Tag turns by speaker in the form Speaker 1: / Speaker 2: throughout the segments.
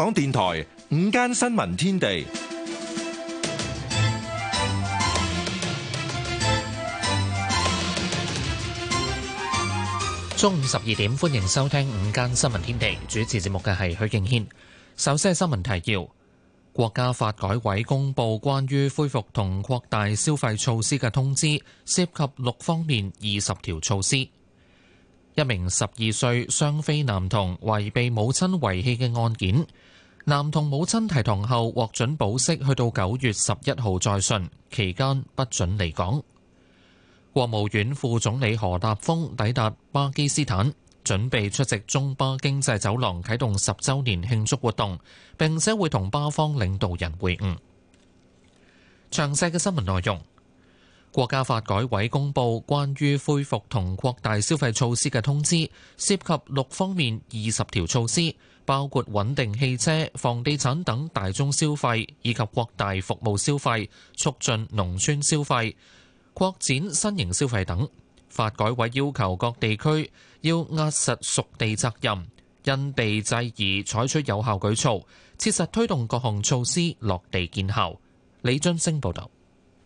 Speaker 1: 香港電台午間新聞天地，
Speaker 2: 中午十二點，歡迎收聽午間新聞天地。主持節目嘅係許敬軒。首先係新聞提要：國家發改委公布關於恢復同擴大消費措施嘅通知，涉及六方面二十條措施。一名十二歲雙非男童違被母親遺棄嘅案件。男童母親提堂後獲准保釋，去到九月十一號再訊，期間不准離港。國務院副總理何立峰抵達巴基斯坦，準備出席中巴經濟走廊啟動十週年慶祝活動，並且會同巴方領導人會晤。詳細嘅新聞內容，國家發改委公佈關於恢復同擴大消費措施嘅通知，涉及六方面二十條措施。包括穩定汽車、房地產等大宗消費，以及擴大服務消費、促進農村消費、擴展新型消費等。發改委要求各地區要壓實屬地責任，因地制宜採取有效舉措，切實推動各項措施落地見效。李俊升報道。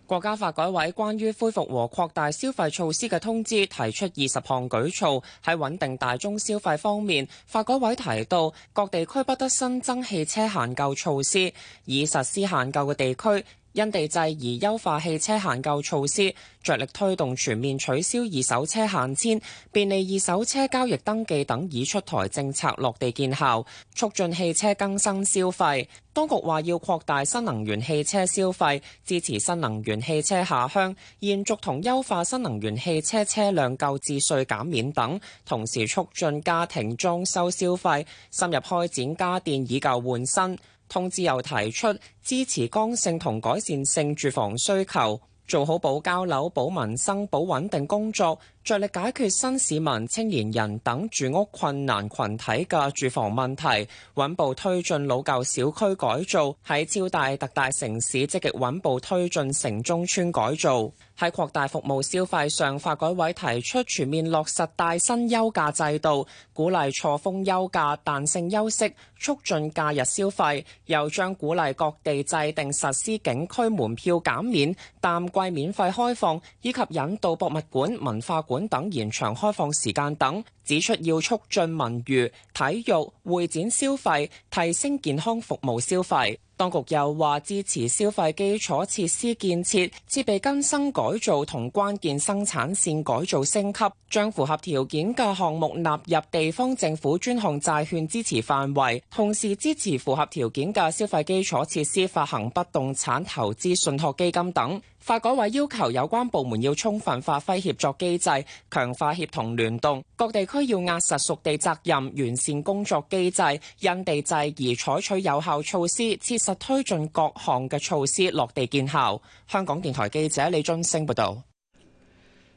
Speaker 3: 國家發改委關於恢復和擴大消費措施嘅通知提出二十項舉措，喺穩定大宗消費方面，發改委提到各地區不得新增汽車限購措施，已實施限購嘅地區，因地制宜優化汽車限購措施，着力推動全面取消二手車限遷、便利二手車交易登記等已出台政策落地見效，促進汽車更新消費。當局話要擴大新能源汽車消費，支持新能源汽車下鄉，延續同優化新能源汽車車輛購置稅減免等，同時促進家庭裝修消費，深入開展家電以舊換新。通知又提出支持，剛性同改善性住房需求，做好保交樓、保民生、保穩定工作，着力解決新市民、青年人等住屋困難群體嘅住房問題，穩步推進老舊小區改造，喺超大特大城市積極穩步推進城中村改造。喺擴大服務消費上，發改委提出全面落實帶薪休假制度，鼓勵錯峰休假、彈性休息，促進假日消費。又將鼓勵各地制定實施景區門票減免、淡季免費開放，以及引導博物館、文化館等延長開放時間等。指出要促進文娛、體育、會展消費，提升健康服務消費。當局又話支持消費基礎設施建設、設備更新改造同關鍵生產線改造升級，將符合條件嘅項目納入地方政府專項債券支持範圍，同時支持符合條件嘅消費基礎設施發行不動產投資信託基金等。發改委要求有關部門要充分發揮協作機制，強化協同聯動。各地區要壓實屬地責任，完善工作機制，因地制宜採取有效措施，切實推進各項嘅措施落地見效。香港電台記者李俊盛報道。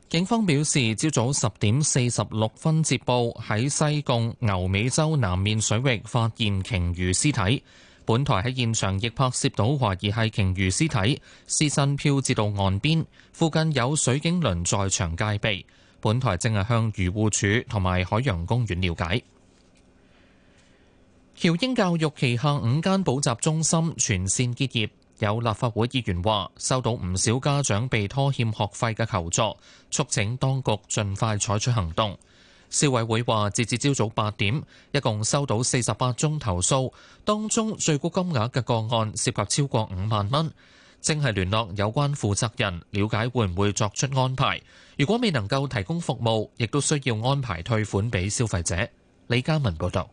Speaker 2: 警方表示，朝早十點四十六分接報喺西貢牛尾洲南面水域發現鯨魚屍體。本台喺現場亦拍攝到懷疑係鯨魚屍體，屍身漂至到岸邊，附近有水警輪在場戒備。本台正係向漁護署同埋海洋公園了解。喬英教育旗下五間補習中心全線結業，有立法會議員話收到唔少家長被拖欠學費嘅求助，促請當局盡快採取行動。消委會話，截至朝早八點，一共收到四十八宗投訴，當中最高金額嘅個案涉及超過五萬蚊，正係聯絡有關負責人了解會唔會作出安排。如果未能夠提供服務，亦都需要安排退款畀消費者。李嘉文報道。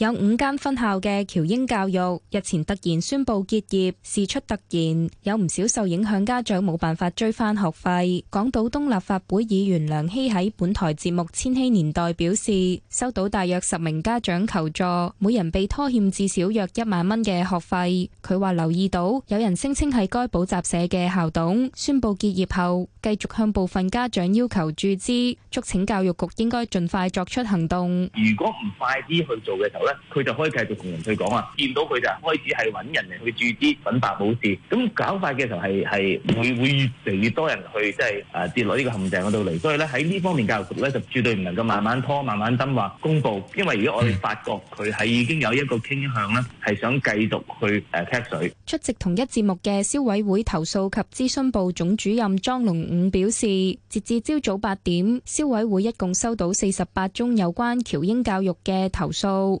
Speaker 4: 有五間分校嘅喬英教育日前突然宣布結業，事出突然，有唔少受影響家長冇辦法追翻學費。港島東立法會議員梁熙喺本台節目《千禧年代》表示，收到大約十名家長求助，每人被拖欠至少約一萬蚊嘅學費。佢話留意到有人聲稱係該補習社嘅校董宣布結業後，繼續向部分家長要求注資，促請教育局應該盡快作出行動。
Speaker 5: 如果唔快啲去做嘅佢就可以繼續同人去講啊。見到佢就開始係揾人嚟去注資，揾白冇事咁搞法嘅時候，係係會會越嚟越多人去即係誒跌落呢個陷阱嗰度嚟，所以咧喺呢方面教育局咧就絕對唔能夠慢慢拖，慢慢等或公布，因為如果我哋發覺佢係已經有一個傾向咧，係想繼續去誒踢水。
Speaker 4: 出席同一節目嘅消委會投訴及諮詢部總主任莊龍五表示，截至朝早八點，消委會一共收到四十八宗有關喬英教育嘅投訴。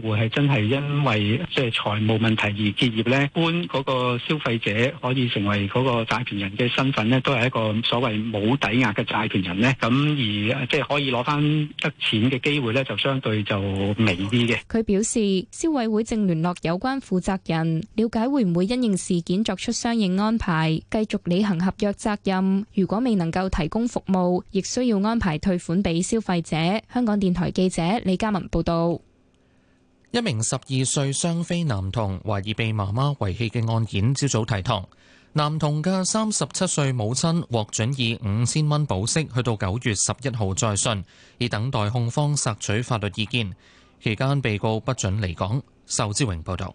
Speaker 1: 會係真係因為即係財務問題而結業咧？般嗰個消費者可以成為嗰個債權人嘅身份咧，都係一個所謂冇抵押嘅債權人咧。咁而即係可以攞翻得錢嘅機會咧，就相對就微啲嘅。
Speaker 4: 佢表示，消委會正聯絡有關負責人，了解會唔會因應事件作出相應安排，繼續履行合約責任。如果未能夠提供服務，亦需要安排退款俾消費者。香港電台記者李嘉文報道。
Speaker 2: 一名十二歲雙非男童懷疑被媽媽遺棄嘅案件，朝早提堂。男童嘅三十七歲母親獲准以五千蚊保釋，去到九月十一號再訊，以等待控方索取法律意見
Speaker 6: 期間，被告不准離港。仇志榮報道。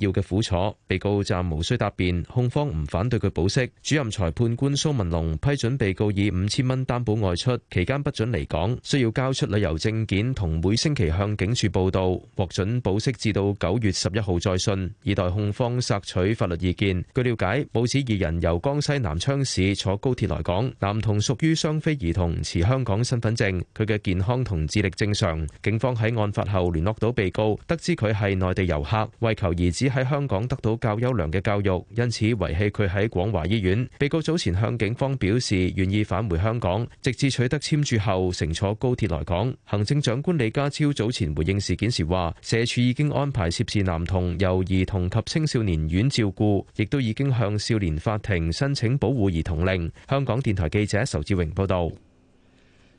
Speaker 6: 要嘅苦楚，被告暫無需答辯，控方唔反對佢保釋。主任裁判官蘇文龍批准被告以五千蚊擔保外出，期間不准離港，需要交出旅遊證件同每星期向警署報到，獲准保釋至到九月十一號再訊，以待控方索取法律意見。據了解，母子二人由江西南昌市坐高鐵來港，男童屬於雙非兒童，持香港身份證，佢嘅健康同智力正常。警方喺案發後聯絡到被告，得知佢係內地遊客，為求兒子。喺香港得到較優良嘅教育，因此遺棄佢喺廣華醫院。被告早前向警方表示願意返回香港，直至取得簽注後乘坐高鐵來港。行政長官李家超早前回應事件時話，社署已經安排涉事男童由兒童及青少年院照顧，亦都已經向少年法庭申請保護兒童令。香港電台記者仇志榮報道。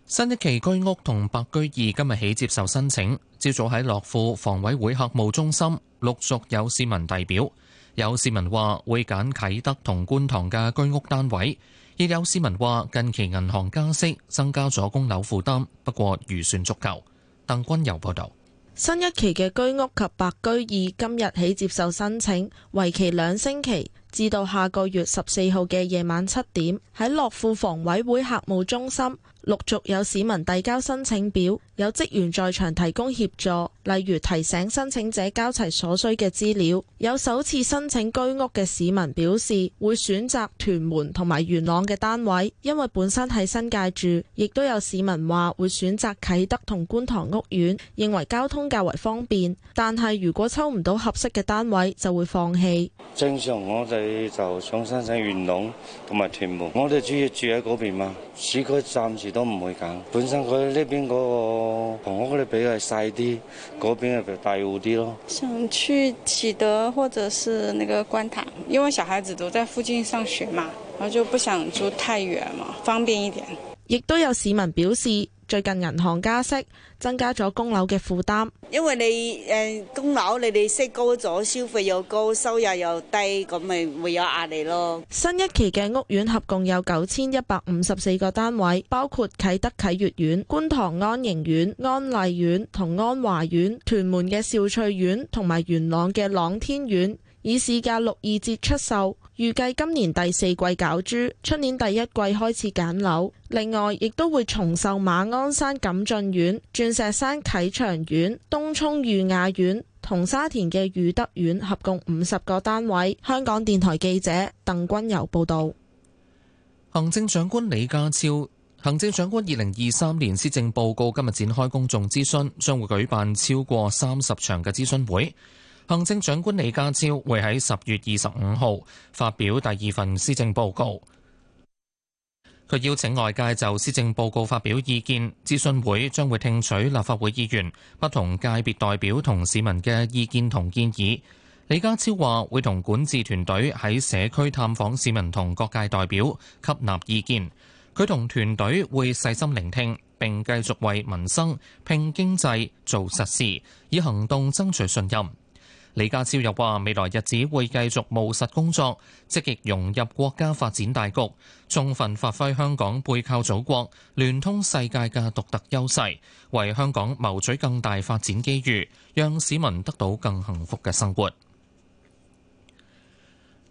Speaker 6: 新一期居屋同白居二今日起接受申請，朝
Speaker 2: 早喺樂富房委會客務中心陸續有市民遞表。有市民話會揀啟德同觀塘嘅居屋單位，亦有市民話近期銀行加息，增加咗供樓負擔。不過預算足夠。鄧君友報道。
Speaker 7: 新一期嘅居屋及白居二今日起接受申請，為期兩星期，至到下個月十四號嘅夜晚七點喺樂富房委會客務中心，陸續有市民遞交申請表，有職員在場提供協助，例如提醒申請者交齊所需嘅資料。有首次申請居屋嘅市民表示，會選擇屯門同埋元朗嘅單位，因為本身喺新界住。亦都有市民話會選擇啟德同觀塘屋苑，認為交通較為方便。但係如果抽唔到合適嘅單位，就會放棄。
Speaker 3: 正
Speaker 2: 常我哋就想申請元朗同埋屯門，我哋主要住喺嗰邊嘛，市區暫時。都唔會揀，本身佢呢邊嗰個房屋咧，比較細啲，嗰邊啊就大戶啲咯。
Speaker 7: 想去啟德或者是那個觀塘，因為小孩子都在附近上學嘛，然後就不想住太遠嘛，方便一點。亦都有市民表示。最近銀行加息，增加咗供樓嘅負擔。
Speaker 8: 因為你誒供樓，你哋息高咗，消費又高，收入又低，
Speaker 7: 咁咪會有壓力咯。新一期嘅屋苑合共有九千一百五十四個單位，包括啟德啟悅苑、觀塘安盈苑、安麗苑同安華苑、屯門嘅兆翠苑同埋元朗嘅朗天苑，以市價六二折出售。預計今年第四季攪珠，出年第一季開始揀樓。另外，亦都會重售馬鞍山錦駿苑、鑽石山啟祥苑、東涌裕雅苑同沙田嘅裕德苑，合共五十個單位。香港電台記者鄧君由報道。
Speaker 2: 行政長官李家超，行政長官二零二三年施政報告今日展開公眾諮詢，將會舉辦超過三十場嘅諮詢會。行政長官李家超會喺十月二十五號發表第二份施政報告。佢邀請外界就施政報告發表意見，諮詢會將會聽取立法會議員、不同界別代表同市民嘅意見同建議。李家超話會同管治團隊喺社區探訪市民同各界代表，吸納意見。佢同團隊會細心聆聽，並繼續為民生、拼經濟做實事，以行動爭取信任。李家超又話：未來日子會繼續務實工作，積極融入國家發展大局，充分發揮香港背靠祖國、聯通世界嘅獨特優勢，為香港謀取更大發展機遇，讓市民得到更幸福嘅生活。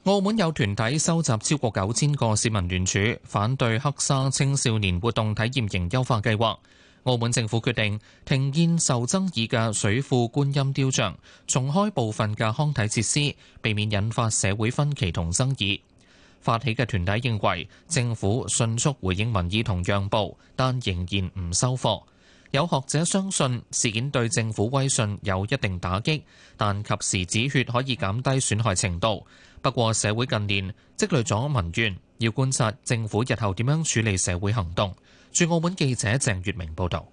Speaker 2: 澳門有團體收集超過九千個市民聯署，反對黑沙青少年活動體驗營優化計劃。澳門政府決定停建受爭議嘅水庫觀音雕像，重開部分嘅康體設施，避免引發社會分歧同爭議。發起嘅團體認為政府迅速回應民意同讓步，但仍然唔收貨。有學者相信事件對政府威信有一定打擊，但及時止血可以減低損害程度。不過社會近年積累咗民怨，要觀察政府日後點樣處理社會行動。駐澳門記者鄭月明報道，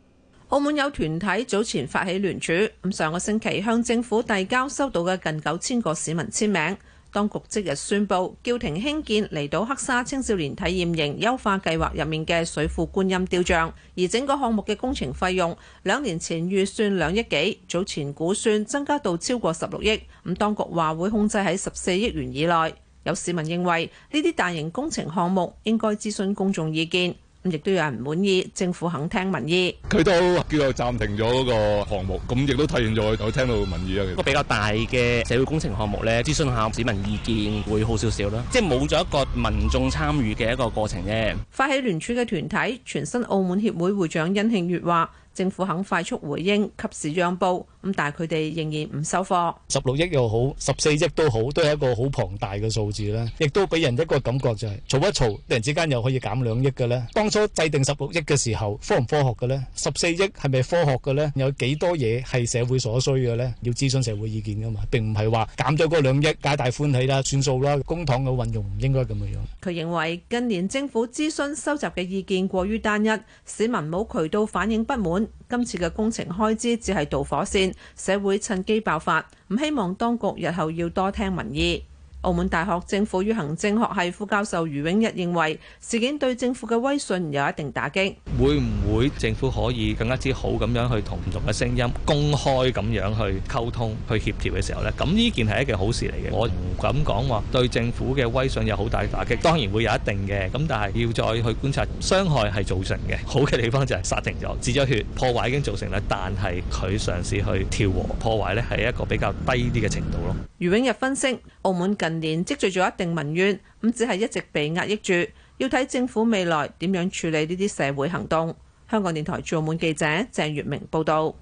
Speaker 9: 澳門有團體早前發起聯署，咁上個星期向政府遞交收到嘅近九千個市民簽名。當局即日宣布叫停興建離島黑沙青少年體驗營優化計劃入面嘅水庫觀音雕像，而整個項目嘅工程費用兩年前預算兩億幾，早前估算增加到超過十六億。咁當局話會控制喺十四億元以內。有市民認為呢啲大型工程項目應該諮詢公眾意見。咁亦都有人唔滿意，政府肯聽民意。佢都
Speaker 5: 叫做暫停咗個項目，咁亦都
Speaker 2: 體現咗佢聽到民意啦。一個比較大嘅社會工程項目咧，諮詢下市民意見會好少少啦，即係冇咗一個民眾參與嘅一個過程啫。
Speaker 9: 發起聯署嘅團體全新澳門協會會長殷慶月話，政府肯快速回應，及時讓步。咁但係佢哋仍然唔收貨，
Speaker 1: 十六億又好，十四億都好，都係一個好龐大嘅數字啦。亦都俾人一個感覺就係嘈一嘈，突然之間又可以減兩億嘅咧。當初制定十六億嘅時候科唔科學嘅咧？十四億係咪科學嘅咧？有幾多嘢係社會所需嘅咧？要諮詢社會意見噶嘛，並唔係話減咗嗰兩億皆大歡喜啦，算數啦，公帑嘅運用唔應該咁樣。
Speaker 9: 佢認為近年政府諮詢收集嘅意見過於單一，市民冇渠道反映不滿，今次嘅工程開支只係導火線。社會趁機爆發，唔希望當局日後要多聽民意。澳門大學政府與行政學系副教授余永逸認為，事件對政府嘅威信有一定打擊。
Speaker 5: 會唔會政府可以更加之好咁樣去同唔同嘅聲音公開咁樣去溝通、去協調嘅時候呢？咁呢件係一件好事嚟嘅，我唔敢講話對政府嘅威信有好大嘅打擊。當然會有一定嘅，咁但係要再去觀察傷害係造成嘅。好嘅地方就係剎停咗，止咗血，破壞已經造成啦。但係佢嘗試去調和破壞呢係一個比較低啲嘅程度咯。
Speaker 9: 余永逸分析，澳門近年積聚咗一定民怨，咁只係一直被壓抑住，要睇政府未來點樣處理呢啲社會行動。香港電台駐澳門記者鄭月明報道。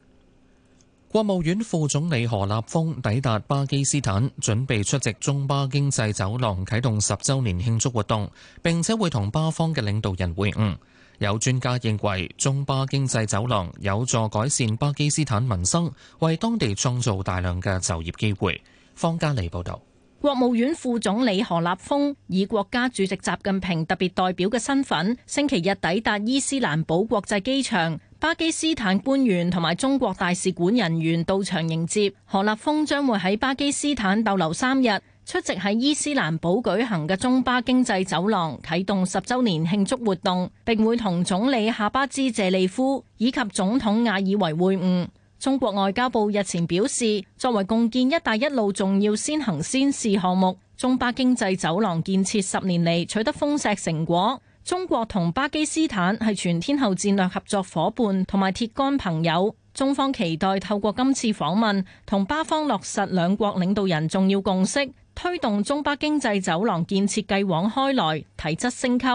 Speaker 9: 國
Speaker 2: 務院副總理何立峰抵達巴基斯坦，準備出席中巴經濟走廊啟動十周年慶祝活動，並且會同巴方嘅領導人會晤。有專家認為，中巴經濟走廊有助改善巴基斯坦民生，為當地創造大量嘅就業機會。方家利報道。
Speaker 8: 國務院副總理何立峰以國家主席習近平特別代表嘅身份，星期日抵達伊斯蘭堡國際機場，巴基斯坦官員同埋中國大使館人員到場迎接。何立峰將會喺巴基斯坦逗留三日，出席喺伊斯蘭堡舉行嘅中巴經濟走廊啟動十周年慶祝活動，並會同總理夏巴茲謝利夫以及總統亞爾維會晤。中國外交部日前表示，作為共建“一帶一路”重要先行先試項目，中巴經濟走廊建設十年嚟取得豐碩成果。中國同巴基斯坦係全天候戰略合作夥伴同埋鐵桿朋友，中方期待透過今次訪問，同巴方落實兩國領導人重要共識，推動中巴經濟走廊建設繼往開來，提質升級。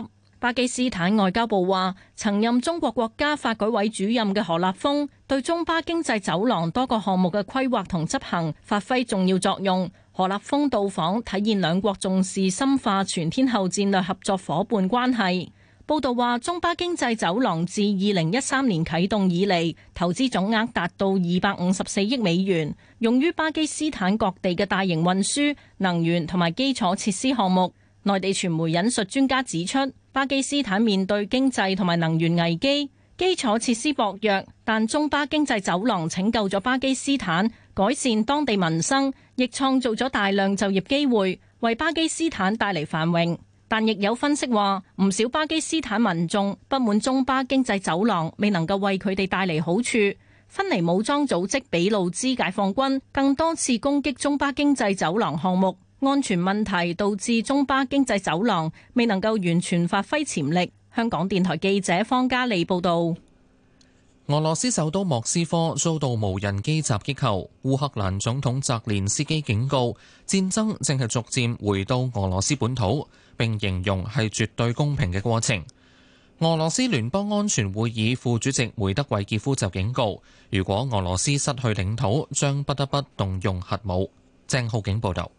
Speaker 8: 巴基斯坦外交部話，曾任中國國家發改委主任嘅何立峰對中巴經濟走廊多個項目嘅規劃同執行發揮重要作用。何立峰到訪體現兩國重視深化全天候戰略合作伙伴關係。報道話，中巴經濟走廊自二零一三年啟動以嚟，投資總額達到二百五十四億美元，用於巴基斯坦各地嘅大型運輸、能源同埋基礎設施項目。內地傳媒引述專家指出，巴基斯坦面對經濟同埋能源危機，基礎設施薄弱，但中巴經濟走廊拯救咗巴基斯坦，改善當地民生，亦創造咗大量就業機會，為巴基斯坦帶嚟繁榮。但亦有分析話，唔少巴基斯坦民眾不滿中巴經濟走廊未能夠為佢哋帶嚟好處。分離武裝組織俾路支解放軍更多次攻擊中巴經濟走廊項目。安全問題導致中巴經濟走廊未能夠完全發揮潛力。香港電台記者方嘉莉報道。
Speaker 2: 俄羅斯首都莫斯科遭到無人機襲擊後，烏克蘭總統澤連斯基警告，戰爭正係逐漸回到俄羅斯本土，並形容係絕對公平嘅過程。俄羅斯聯邦安全會議副主席梅德韋傑夫就警告，如果俄羅斯失去領土，
Speaker 10: 將不得不動用核武。鄭浩景報導。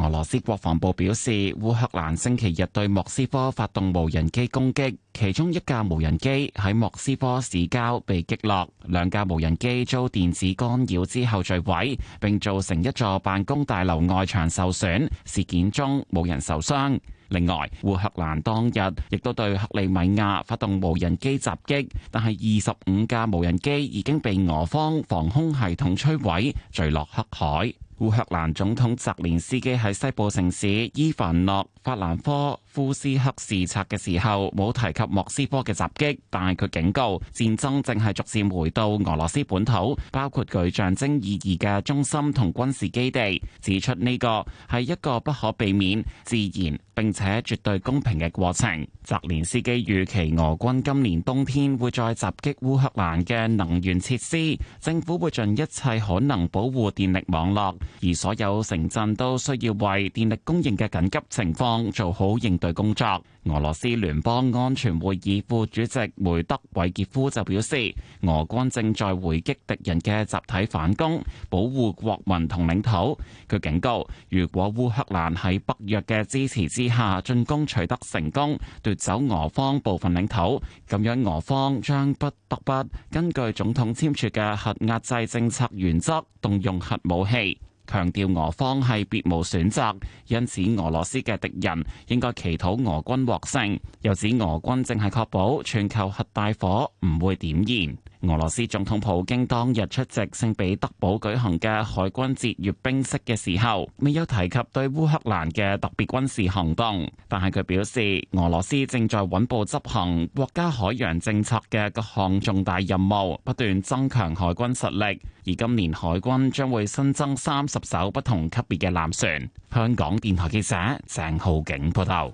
Speaker 10: 俄羅斯國防部表示，烏克蘭星期日對莫斯科發動無人機攻擊，其中一架無人機喺莫斯科市郊被擊落，兩架無人機遭電子干擾之後墜毀，並造成一座辦公大樓外牆受損。事件中冇人受傷。另外，烏克蘭當日亦都對克里米亞發動無人機襲擊，但係二十五架無人機已經被俄方防空系統摧毀，墜落黑海。烏克蘭總統澤連斯基喺西部城市伊凡諾法蘭科。庫斯克視察嘅時候冇提及莫斯科嘅襲擊，但係佢警告戰爭正係逐漸回到俄羅斯本土，包括具象徵意義嘅中心同軍事基地，指出呢個係一個不可避免、自然並且絕對公平嘅過程。澤連斯基預期俄軍今年冬天會再襲擊烏克蘭嘅能源設施，政府會盡一切可能保護電力網絡，而所有城鎮都需要為電力供應嘅緊急情況做好應對。工作，俄羅斯聯邦安全會議副主席梅德韋傑夫就表示，俄軍正在回擊敵人嘅集體反攻，保護國民同領土。佢警告，如果烏克蘭喺北約嘅支持之下進攻取得成功，奪走俄方部分領土，咁樣俄方將不得不根據總統簽署嘅核壓制政策原則，動用核武器。強調俄方係別無選擇，因此俄羅斯嘅敵人應該祈禱俄軍獲勝，又指俄軍正係確保全球核大火唔會點燃。俄羅斯總統普京當日出席聖彼得堡舉行嘅海軍節閱兵式嘅時候，未有提及對烏克蘭嘅特別軍事行動，但係佢表示俄羅斯正在穩步執行國家海洋政策嘅各項重大任務，不斷增強海軍實力，而今年海軍將會新增三十艘不同級別嘅艦船。香港電台記者鄭浩景報道。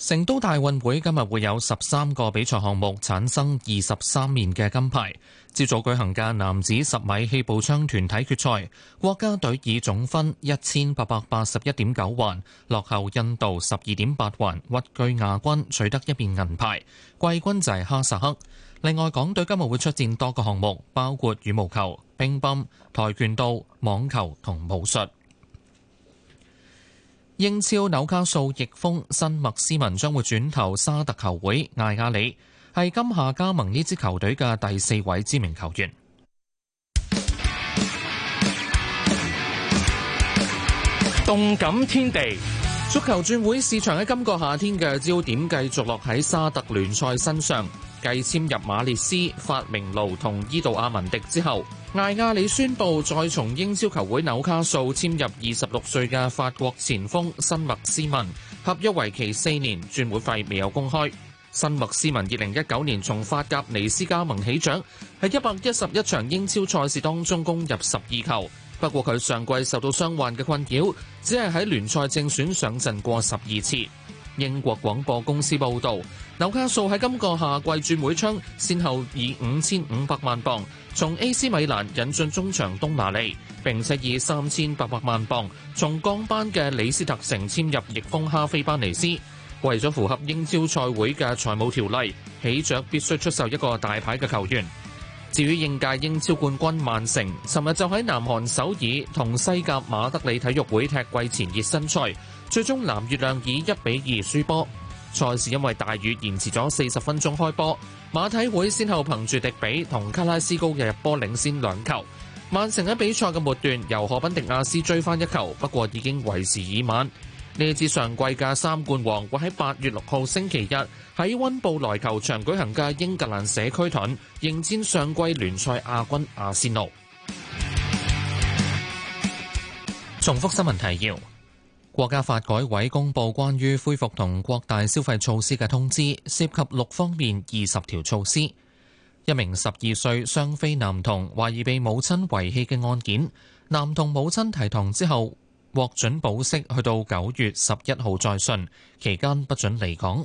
Speaker 10: 成都大運會今日會有十三個比賽項目
Speaker 2: 產生二十三面嘅金牌。朝早舉行嘅男子十米氣步槍團體決賽，國家隊以總分一千八百八十一點九環落後印度十二點八環，屈居亞軍，取得一面銀牌。季軍就係哈薩克。另外，港隊今日會出戰多個項目，包括羽毛球、乒乓、跆拳道、網球同武術。英超紐卡素翼鋒，新麥斯文將會轉投沙特球會艾亞里，係今夏加盟呢支球隊嘅第四位知名球員。動感天地，足球轉會市場喺今個夏天嘅焦點繼續落喺沙特聯賽身上。繼簽入馬列斯、發明奴同伊杜阿文迪之後，艾亞里宣布再從英超球會紐卡素簽入二十六歲嘅法國前鋒新麥斯文，合約為期四年，轉會費未有公開。新麥斯文二零一九年從法甲尼斯加盟喜鵲，喺一百一十一場英超賽事當中攻入十二球，不過佢上季受到傷患嘅困擾，只係喺聯賽正選上陣過十二次。英國廣播公司報道，紐卡素喺今個夏季轉會窗，先後以五千五百萬鎊從 AC 米蘭引進中場東拿利，並且以三千八百萬鎊從降班嘅李斯特城簽入翼鋒哈菲班尼斯。為咗符合英超賽會嘅財務條例，喜鵲必須出售一個大牌嘅球員。至於應屆英超冠軍曼城，尋日就喺南韓首爾同西甲馬德里體育會踢季前熱身賽。最終藍月亮以一比二輸波，賽事因為大雨延遲咗四十分鐘開波。馬體會先後憑住迪比同卡拉斯高嘅入波領先兩球，曼城喺比賽嘅末段由荷賓迪亞斯追翻一球，不過已經為時已晚。呢支上季嘅三冠王會喺八月六號星期日喺溫布萊球場舉行嘅英格蘭社區盾，迎戰上季聯賽亞軍，亞軍阿仙奴。重複新聞提要。國家發改委公布關於恢復同擴大消費措施嘅通知，涉及六方面二十條措施。一名十二歲雙非男童懷疑被母親遺棄嘅案件，男童母親提堂之後獲准保釋，去到九月十一號再訊，期間不准離港。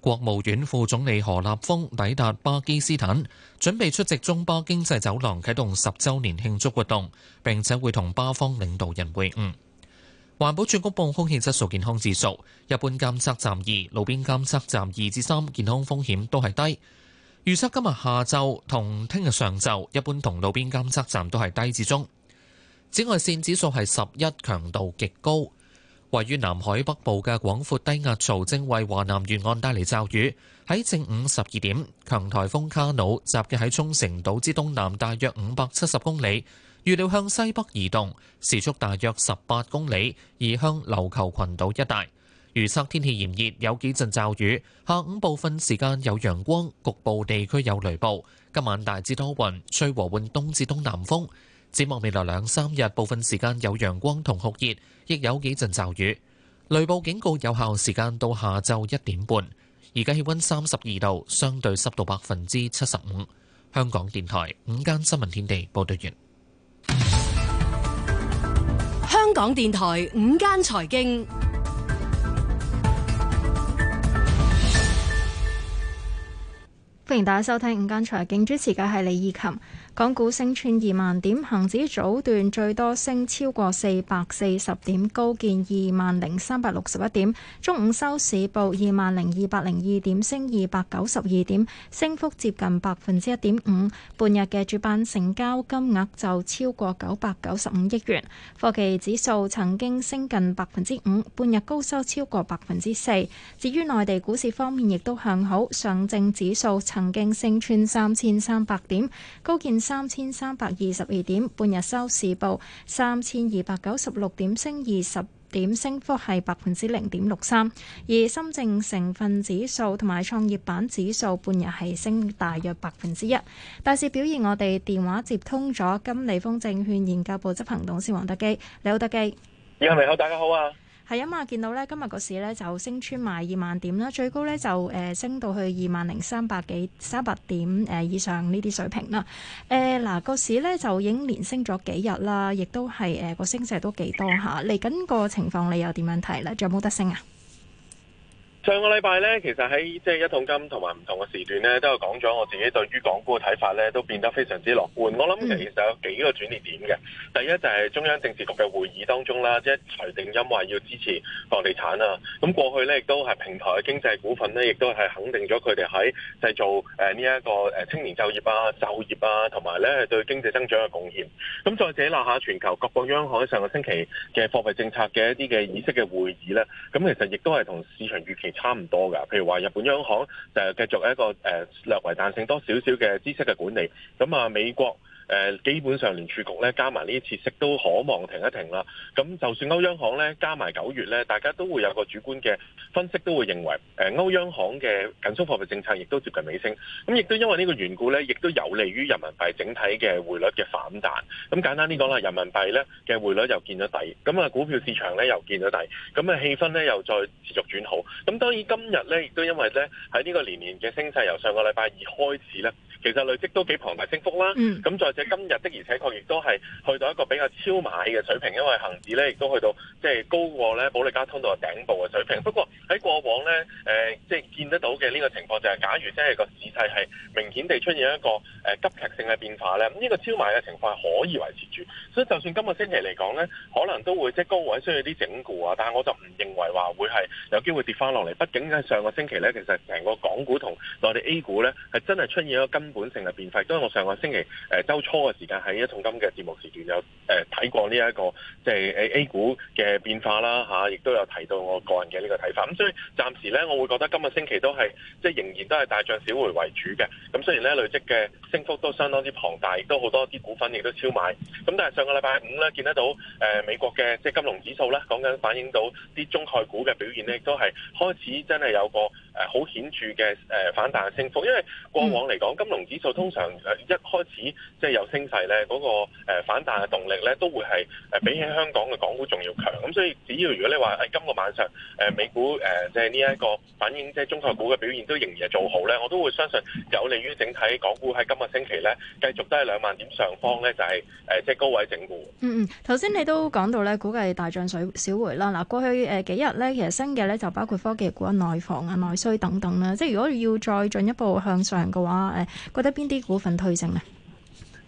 Speaker 2: 國務院副總理何立峰抵達巴基斯坦，準備出席中巴經濟走廊啟動十週年慶祝活動，並且會同巴方領導人會晤。環保署公布空氣質素健康指數，一般監測站二，路邊監測站二至三，健康風險都係低。預測今日下晝同聽日上晝，一般同路邊監測站都係低至中。紫外線指數係十一，強度極高。位於南海北部嘅廣闊低壓槽正為華南沿岸帶嚟驟雨。喺正午十二點，強颱風卡努集結喺沖繩島之東南，大約五百七十公里。預料向西北移動，時速大約十八公里，移向琉球群島一帶。預測天氣炎熱，有幾陣驟雨。下午部分時間有陽光，局部地區有雷暴。今晚大致多雲，吹和緩東至東南風。展望未來兩三日，部分時間有陽光同酷熱，亦有幾陣驟雨。雷暴警告有效時間到下晝一點半。而家氣溫三十二度，相對濕度百分之七十五。香港電台午間新聞天地報導完。
Speaker 8: 港電台午間財經，
Speaker 11: 歡迎大家收聽午間財經，主持嘅係李綺琴。港股升穿二萬點，恒指早段最多升超過四百四十點，高見二萬零三百六十一點。中午收市報二萬零二百零二點，升二百九十二點，升幅接近百分之一點五。半日嘅主板成交金額就超過九百九十五億元。科技指數曾經升近百分之五，半日高收超過百分之四。至於內地股市方面，亦都向好，上證指數曾經升穿三千三百點，高見三千三百二十二點，半日收市報三千二百九十六點升，升二十點，升幅係百分之零點六三。而深證成分指數同埋創業板指數，半日係升大約百分之一。大市表現，我哋電話接通咗金利豐證券研究部執行董事黃德基，你好，德基。你好，你
Speaker 10: 好，大家好啊。
Speaker 11: 係啊嘛，見到咧今日個市咧就升穿埋二萬點啦，最高咧就誒升到去二萬零三百幾三百點誒以上呢啲水平啦。誒、呃、嗱、嗱個市咧就已經連升咗幾日啦，亦都係誒個升勢都幾多嚇。嚟緊個情況你又點樣睇咧？仲有冇得
Speaker 6: 升啊？
Speaker 1: 上個禮拜咧，其實喺即係一桶金同埋唔同嘅時段咧，都有講咗我自己對於港股嘅睇法咧，都變得非常之樂觀。嗯、我諗其實有幾個轉捩點嘅，第一就係中央政治局嘅會議當中啦，即係裁定因為要支持房地產啊。咁過去咧亦都係平台嘅經濟股份咧，亦都係肯定咗佢哋喺製造誒呢一個誒青年就業啊、就業啊，同埋咧對經濟增長嘅貢獻。咁再者落下全球各個央行上個星期嘅貨幣政策嘅一啲嘅議息嘅會議咧，咁其實亦都係同市場預期。差唔多噶，譬如話日本央行就係繼續一個誒、呃、略為彈性多少少嘅知識嘅管理，咁啊美國。誒基本上聯儲局咧加埋呢啲設施都可望停一停啦。咁就算歐央行咧加埋九月咧，大家都會有個主觀嘅分析，都會認為誒、呃、歐央行嘅緊縮貨幣政策亦都接近尾聲。咁亦都，都，都因為呢個緣故咧，亦都有利於人民幣整體嘅匯率嘅反彈。咁簡單啲講啦，人民幣咧嘅匯率又見咗底，咁啊股票市場咧又見咗底，咁啊氣氛咧又再持續轉好。咁當然今日咧亦都因為咧喺呢個年年嘅升勢由上個禮拜二開始咧。其實累積都幾龐大升幅啦，咁再者今日的而且確亦都係去到一個比較超買嘅水平，因為恆指咧亦都去到即係高過咧保利加通道嘅頂部嘅水平。不過喺過往咧，誒即係見得到嘅呢個情況就係，假如即係個市勢係明顯地出現一個誒急劇性嘅變化咧，呢個超買嘅情況係可以維持住。所以就算今個星期嚟講咧，可能都會即係、就是、高位需要啲整固啊，但係我就唔認為話會係有機會跌翻落嚟。畢竟喺上個星期咧，其實成個港股同內地 A 股咧係真係出現咗一個跟本性嘅變化，都係我上個星期誒週、呃、初嘅時間喺一桶金嘅節目時段有誒睇、呃、過呢、這、一個即係誒 A 股嘅變化啦嚇，亦、啊、都有提到我個人嘅呢個睇法。咁、嗯、所以暫時咧，我會覺得今日星期都係即係仍然都係大漲小回為主嘅。咁、嗯、雖然咧累積嘅升幅都相當之龐大，亦都好多啲股份亦都超買。咁、嗯、但係上個禮拜五咧見得到誒、呃、美國嘅即係金龍指數咧，講緊反映到啲中概股嘅表現咧，亦都係開始真係有個。誒好顯著嘅誒反彈嘅升幅，因為過往嚟講，金融指數通常誒一開始即係有升勢咧，嗰個誒反彈嘅動力咧，都會係誒比起香港嘅港股仲要強。咁所以，只要如果你話喺今個晚上誒美股誒即係呢一個反映即係中概股嘅表現都仍然係做好咧，我都會相信有利於整體港股喺今個星期咧繼續都係兩萬點上方咧，就係誒即係高位整固。嗯
Speaker 11: 嗯，頭先、嗯嗯、你都講到咧，估計大漲水小回啦。嗱，過去誒幾日咧，其實新嘅咧就包括科技股啊、內房啊、是是嗯、內需等等啦，即係如果要再進一步向上嘅話，誒，覺得邊啲股份推升咧？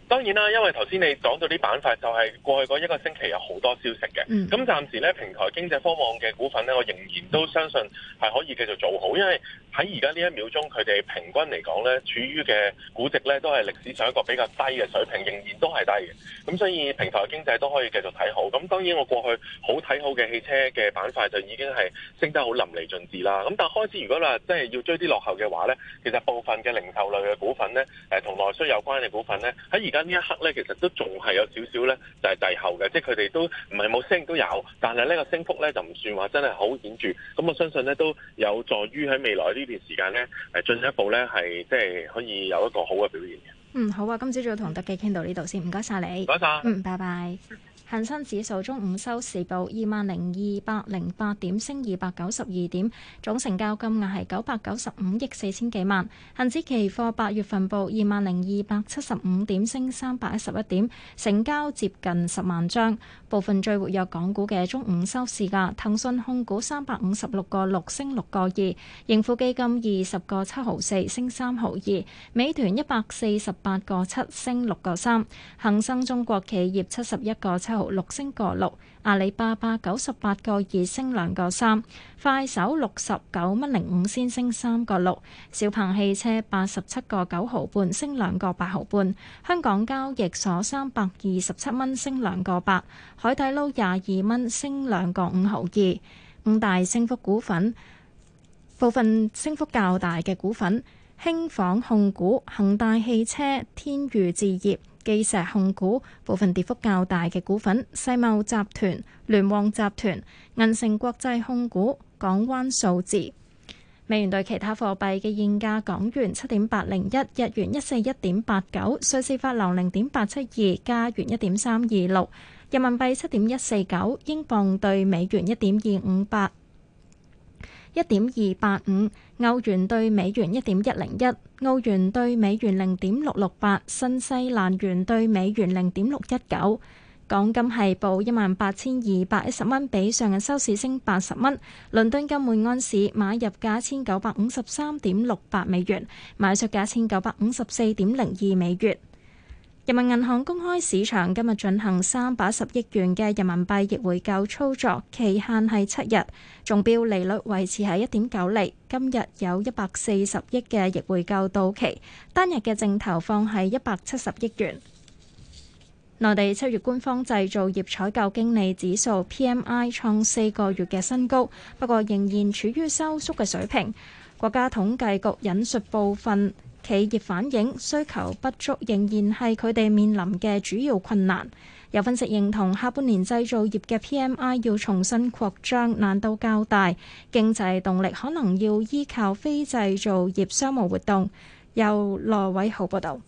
Speaker 1: 當然啦，因為頭先你講到啲板塊，就係過去嗰一個星期有好多消息嘅，嗯，咁暫時咧平台經濟科網嘅股份咧，我仍然都相信係可以繼續做好，因為。喺而家呢一秒鐘，佢哋平均嚟講咧，處於嘅估值咧都係歷史上一個比較低嘅水平，仍然都係低嘅。咁所以平台嘅經濟都可以繼續睇好。咁當然我過去好睇好嘅汽車嘅板塊就已經係升得好淋漓盡致啦。咁但係開始如果啦，即係要追啲落後嘅話咧，其實部分嘅零售類嘅股份咧，誒同內需有關嘅股份咧，喺而家呢一刻咧，其實都仲係有少少咧就係滯後嘅，即係佢哋都唔係冇升都有，但係呢個升幅咧就唔算話真係好顯著。咁我相信咧都有助於喺未來呢段時間咧，係進一步咧係即係可以有一個好嘅表現嘅。
Speaker 11: 嗯，好啊，今朝早同德記傾到呢度先，唔該晒你，唔該晒。嗯，拜拜。恒生指數中午收市報二萬零二百零八點，升二百九十二點，總成交金額係九百九十五億四千幾萬。恆指期貨八月份報二萬零二百七十五點，升三百一十一點，成交接近十萬張。部分最活躍港股嘅中午收市價：騰訊控股三百五十六個六升六個二，盈富基金二十個七毫四升三毫二，美團一百四十八個七升六個三，恆生中國企業七十一個七，六升個六，阿里巴巴九十八個二升兩個三，快手六十九蚊零五仙升三個六，小鵬汽車八十七個九毫半升兩個八毫半，香港交易所三百二十七蚊升兩個八，海底撈廿二蚊升兩個五毫二，五大升幅股份，部分升幅較大嘅股份，輕紡控股、恒大汽車、天譽置業。基石控股，部分跌幅較大嘅股份，世茂集團、聯旺集團、銀城國際控股、港灣數字。美元兌其他貨幣嘅現價：港元七點八零一，日元一四一點八九，瑞士法郎零點八七二，加元一點三二六，人民幣七點一四九，英鎊兌美元一點二五八。一點二八五。歐元兌美元一點一零一，澳元兌美元零點六六八，新西蘭元兌美元零點六一九。港金係報一萬八千二百一十蚊，比上日收市升八十蚊。倫敦金每安士買入價一千九百五十三點六八美元，賣出價一千九百五十四點零二美元。人民銀行公開市場今日進行三百一十億元嘅人民幣逆回購操作，期限係七日，中標利率維持喺一點九厘。今日有一百四十億嘅逆回購到期，單日嘅淨投放係一百七十億元。內地七月官方製造業採購經理指數 PMI 創四個月嘅新高，不過仍然處於收縮嘅水平。國家統計局引述部分。企業反映需求不足，仍然係佢哋面臨嘅主要困難。有分析認同下半年製造業嘅 PMI 要重新擴張，難度較大，經濟動力可能要依靠非製造業商務活動。由羅偉豪報道，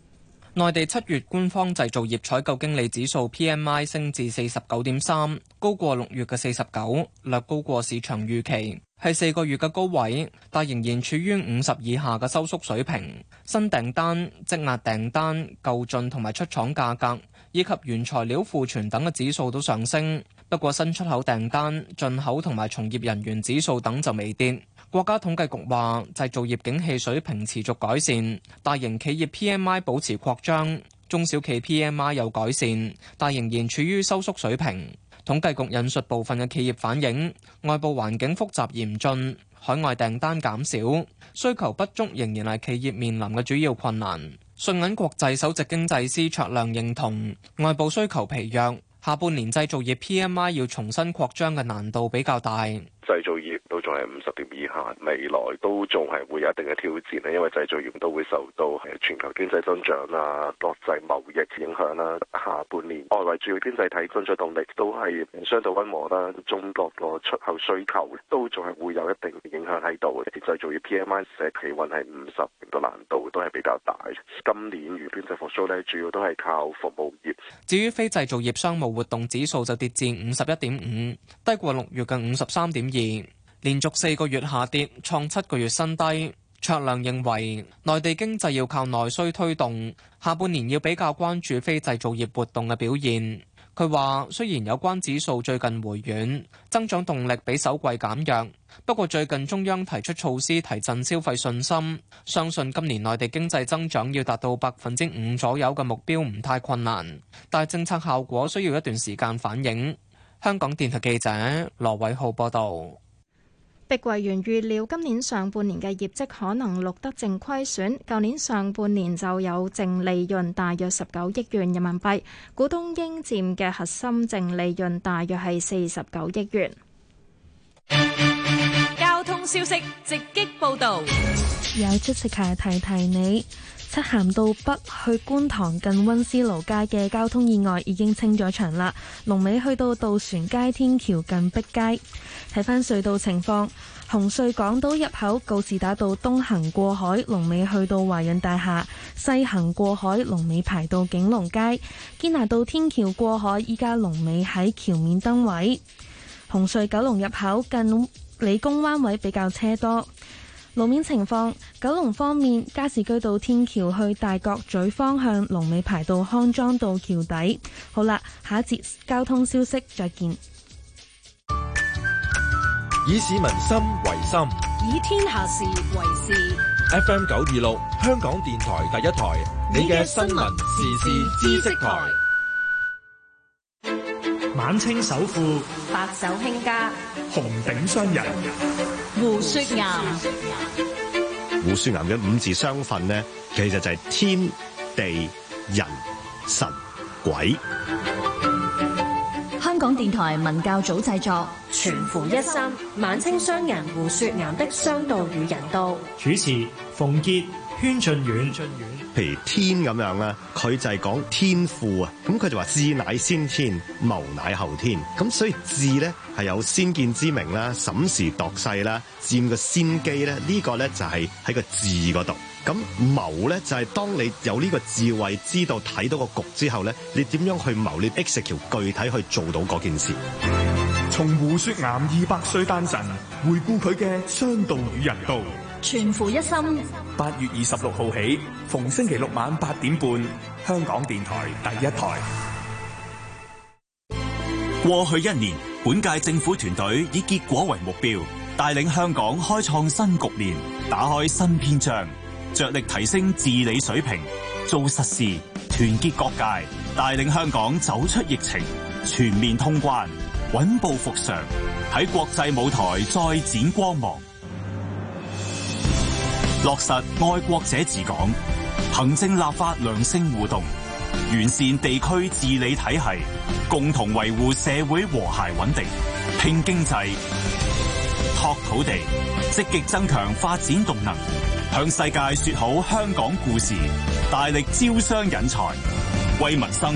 Speaker 12: 內地七月官方製造業採購經理指數 PMI 升至四十九點三，高過六月嘅四十九，略高過市場預期。係四個月嘅高位，但仍然處於五十以下嘅收縮水平。新訂單、積壓訂單、購進同埋出廠價格，以及原材料庫存等嘅指數都上升。不過，新出口訂單、進口同埋從業人員指數等就未跌。國家統計局話，製造業景氣水平持續改善，大型企業 PMI 保持擴張，中小企 PMI 有改善，但仍然處於收縮水平。統計局引述部分嘅企業反映，外部環境複雜嚴峻，海外訂單減少，需求不足仍然係企業面臨嘅主要困難，信銀國際首席經濟師卓亮認同，外部需求疲弱，下半年製造業 PMI 要重新擴張嘅難度比較大。
Speaker 1: 製造業。都仲係五十點以下，未來都仲係會有一定嘅挑戰咧。因為製造業都會受到係全球經濟增長啊、國際貿易影響啦。下半年外圍主要經濟體增長動力都係相對溫和啦。中國個出口需求都仲係會有一定影響喺度。製造業 P.M.I. 社企運係五十，個難度都係比較大。今年如經濟復甦咧，主要都係靠服務業。
Speaker 12: 至於非製造業商務活動指數就跌至五十一點五，低過六月近五十三點二。連續四個月下跌，創七個月新低。卓亮認為，內地經濟要靠內需推動，下半年要比較關注非製造業活動嘅表現。佢話：雖然有關指數最近回軟，增長動力比首季減弱，不過最近中央提出措施提振消費信心，相信今年內地經濟增長要達到百分之五左右嘅目標唔太困難。但係政策效果需要一段時間反映。香港電台記者羅偉浩報道。
Speaker 11: 碧桂園預料今年上半年嘅業績可能錄得淨虧損，舊年上半年就有淨利潤大約十九億元人民幣，股東應佔嘅核心淨利潤大約係四十九億元。
Speaker 4: 交通消息直擊報道，
Speaker 11: 有 Jessica 提提你。
Speaker 7: 漆咸道北去觀塘近温思勞街嘅交通意外已經清咗場啦，龍尾去到渡船街天橋近碧街。睇返隧道情況，紅隧港島入口告士打道東行過海，龍尾去到華潤大廈；西行過海，龍尾排到景隆街。堅拿道天橋過海，依家龍尾喺橋面燈位。紅隧九龍入口近理工灣位比較車多。路面情況，九龍方面，加士居道天橋去大角咀方向龍尾排到康莊道橋底。好啦，下一節交通消息再見。
Speaker 1: 以市民心為心，
Speaker 8: 以天下事為事。
Speaker 1: FM 九二六，香港電台第一台，你嘅新聞時事知識台。晚清首富，
Speaker 8: 白手興家，
Speaker 1: 紅頂商人。
Speaker 5: 胡雪岩。胡雪岩嘅五字商訓呢，其實就係天地人神鬼。
Speaker 8: 香港電台文教組製作，全乎一心。深晚清商人胡雪岩的商道與人道。
Speaker 5: 主持：馮杰。.天、近、遠、近、遠，譬如天咁樣啦，佢就係講天賦啊。咁佢就話智乃先天，謀乃後天。咁所以智咧係有先見之明啦，審時度勢啦，佔個先機咧。呢、這個咧就係喺個智嗰度。咁謀咧就係、是、當你有呢個智慧，知道睇到個局之後咧，你點樣去謀你 execute 具體去做到嗰件事。從胡雪岩二百歲誕辰回顧佢嘅商道與人道。
Speaker 8: 全乎一心。
Speaker 5: 八月二十六號起，逢星期六晚八點半，香港電台第一台。過去一年，本屆政府團隊以結果為目標，帶領香港開創新局面，打開新篇章，着力提升治理水平，做實事，團結各界，帶領香港走出疫情，全面通關，穩步復常，喺國際舞台再展光芒。落實愛國者治港，行政立法良性互動，完善地區治理體系，共同維護社會和諧穩定。拼經濟，拓土地，積極增強發展動能，向世界說好香港故事。大力招商引才，惠民生，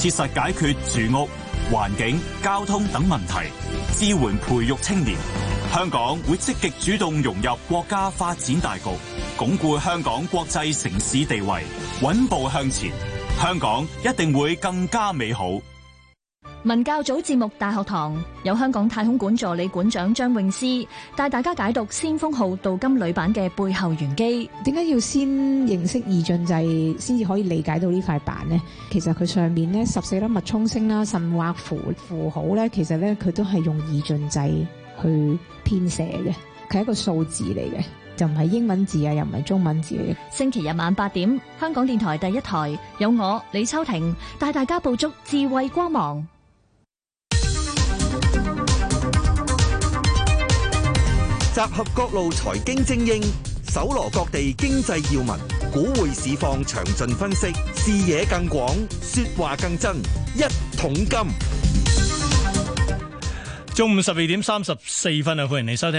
Speaker 5: 切實解決住屋、環境、交通等問題，支援培育青年。香港會積極主動融入國家發展大局，鞏固香港國際城市地位，穩步向前。香港一定會更加美好。
Speaker 8: 文教組節目《大學堂》有香港太空館助理館長張詠詩
Speaker 4: 帶大家解讀《先鋒號》鍍金鋁板嘅背後玄機。點解要先認識二進制，先至可以理解到呢塊板呢？其實佢上面呢十四粒脈衝星啦、神話符符號咧，其實咧佢都係用二進制，去編寫嘅，佢係一個數字嚟嘅，就唔係英文字啊，又唔係中文字嚟。星期日晚
Speaker 8: 八點，香港電台第一台有我李秋婷帶大家捕捉智慧光
Speaker 2: 芒，
Speaker 5: 集合各路財經精英，搜羅各地經濟要聞，股匯市況詳盡分析，視野更廣，說話更真，一桶金。中午十二點三十四分啊，歡迎你收聽。